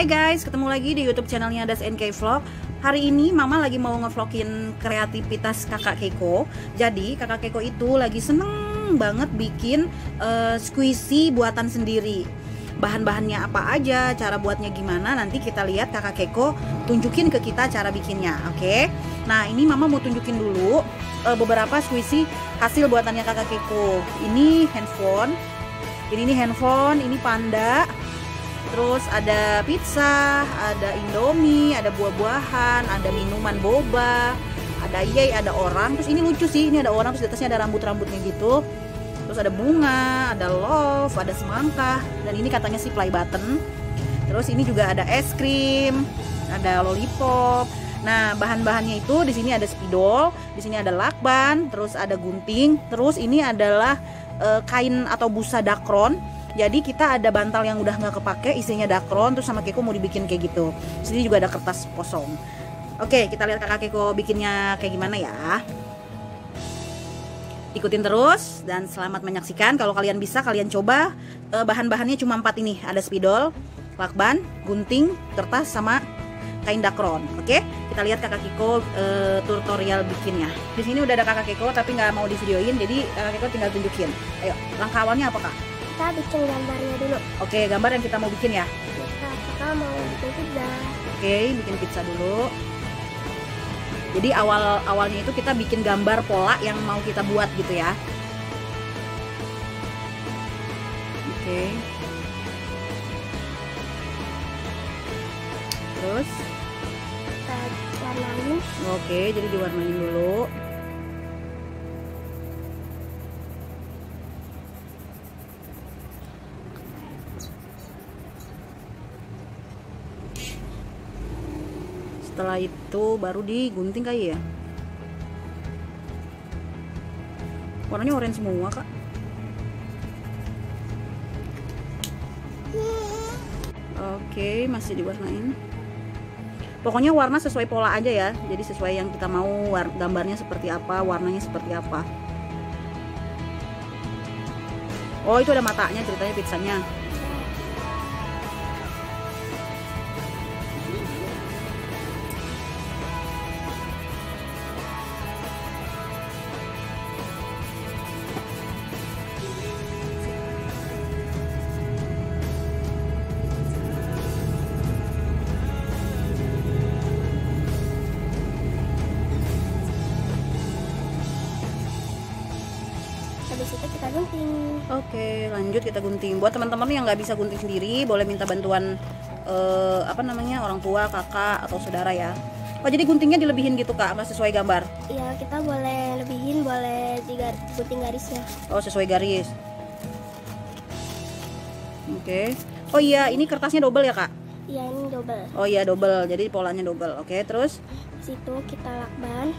Hai guys, ketemu lagi di YouTube channelnya Das NK Vlog. Hari ini Mama lagi mau ngevlogin kreativitas Kakak Keiko. Jadi Kakak Keiko itu lagi seneng banget bikin uh, squishy buatan sendiri. Bahan-bahannya apa aja, cara buatnya gimana, nanti kita lihat Kakak Keiko tunjukin ke kita cara bikinnya, oke? Okay? Nah ini Mama mau tunjukin dulu uh, beberapa squishy hasil buatannya Kakak Keiko. Ini handphone, ini ini handphone, ini panda terus ada pizza, ada indomie, ada buah-buahan, ada minuman boba, ada yay, ada orang. Terus ini lucu sih, ini ada orang terus di atasnya ada rambut-rambutnya gitu. Terus ada bunga, ada love, ada semangka, dan ini katanya si play button. Terus ini juga ada es krim, ada lollipop. Nah, bahan-bahannya itu di sini ada spidol, di sini ada lakban, terus ada gunting, terus ini adalah eh, kain atau busa dakron jadi kita ada bantal yang udah nggak kepake isinya dakron terus sama keko mau dibikin kayak gitu sini juga ada kertas kosong oke kita lihat kakak keko bikinnya kayak gimana ya ikutin terus dan selamat menyaksikan kalau kalian bisa kalian coba eh, bahan-bahannya cuma empat ini ada spidol lakban gunting kertas sama kain dakron oke kita lihat kakak Kiko eh, tutorial bikinnya di sini udah ada kakak Kiko tapi nggak mau di videoin jadi kakak Kiko tinggal tunjukin ayo langkah awalnya apa kak kita bikin gambarnya dulu. Oke, okay, gambar yang kita mau bikin ya. kita mau bikin pizza. Oke, okay, bikin pizza dulu. Jadi awal awalnya itu kita bikin gambar pola yang mau kita buat gitu ya. Oke. Okay. Terus kita warnain. Oke, jadi diwarnain dulu. setelah itu baru digunting kayak ya warnanya orange semua kak oke okay, masih diwarnain pokoknya warna sesuai pola aja ya jadi sesuai yang kita mau gambarnya seperti apa warnanya seperti apa oh itu ada matanya ceritanya pizzanya habis itu kita gunting oke lanjut kita gunting buat teman-teman yang nggak bisa gunting sendiri boleh minta bantuan uh, apa namanya orang tua kakak atau saudara ya Oh jadi guntingnya dilebihin gitu kak, nggak sesuai gambar? Iya kita boleh lebihin, boleh digar gunting garisnya. Oh sesuai garis. Oke. Oh iya ini kertasnya double ya kak? Iya ini double. Oh iya double, jadi polanya double. Oke okay, terus? Situ kita lakban.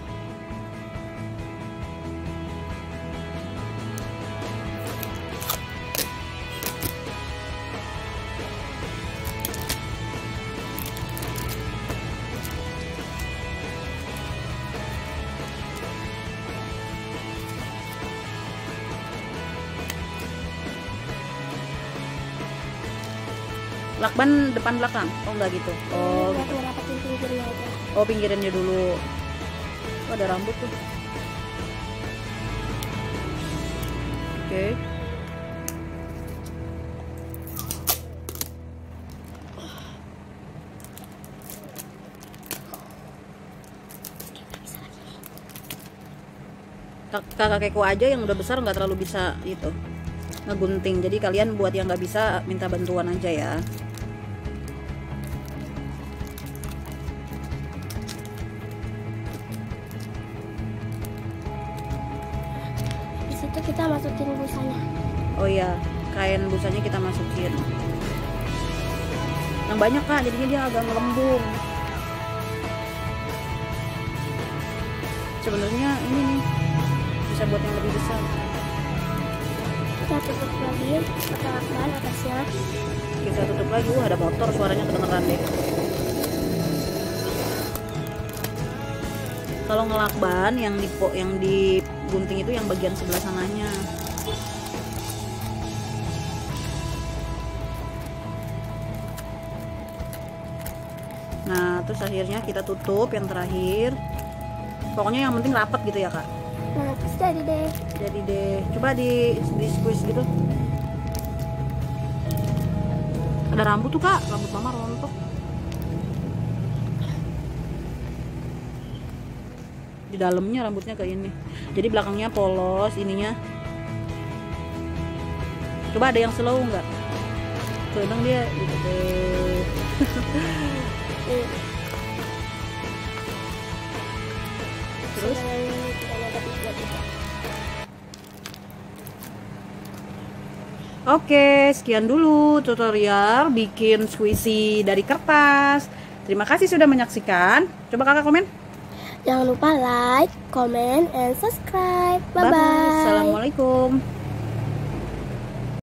lakban depan belakang oh enggak gitu oh iya, gitu. pinggirnya aja iya, iya, oh pinggirannya dulu oh, ada rambut tuh oke okay. kakak keku aja yang udah besar nggak terlalu bisa itu ngegunting jadi kalian buat yang nggak bisa minta bantuan aja ya itu kita masukin busanya oh iya kain busanya kita masukin yang banyak kan jadinya dia agak melembung sebenarnya ini nih bisa buat yang lebih besar kita tutup lagi kita lakban atasnya kita tutup lagi wah uh, ada motor suaranya kedengeran deh kalau ngelakban yang di yang di gunting itu yang bagian sebelah sananya nah terus akhirnya kita tutup yang terakhir pokoknya yang penting rapat gitu ya kak nah jadi deh jadi deh coba di, di squeeze gitu ada rambut tuh kak rambut mama rontok di dalamnya rambutnya kayak ini jadi belakangnya polos ininya coba ada yang slow nggak kadang dia gitu terus Oke, sekian dulu tutorial bikin squishy dari kertas. Terima kasih sudah menyaksikan. Coba kakak komen. Jangan lupa like, comment, and subscribe. Bye-bye. Assalamualaikum.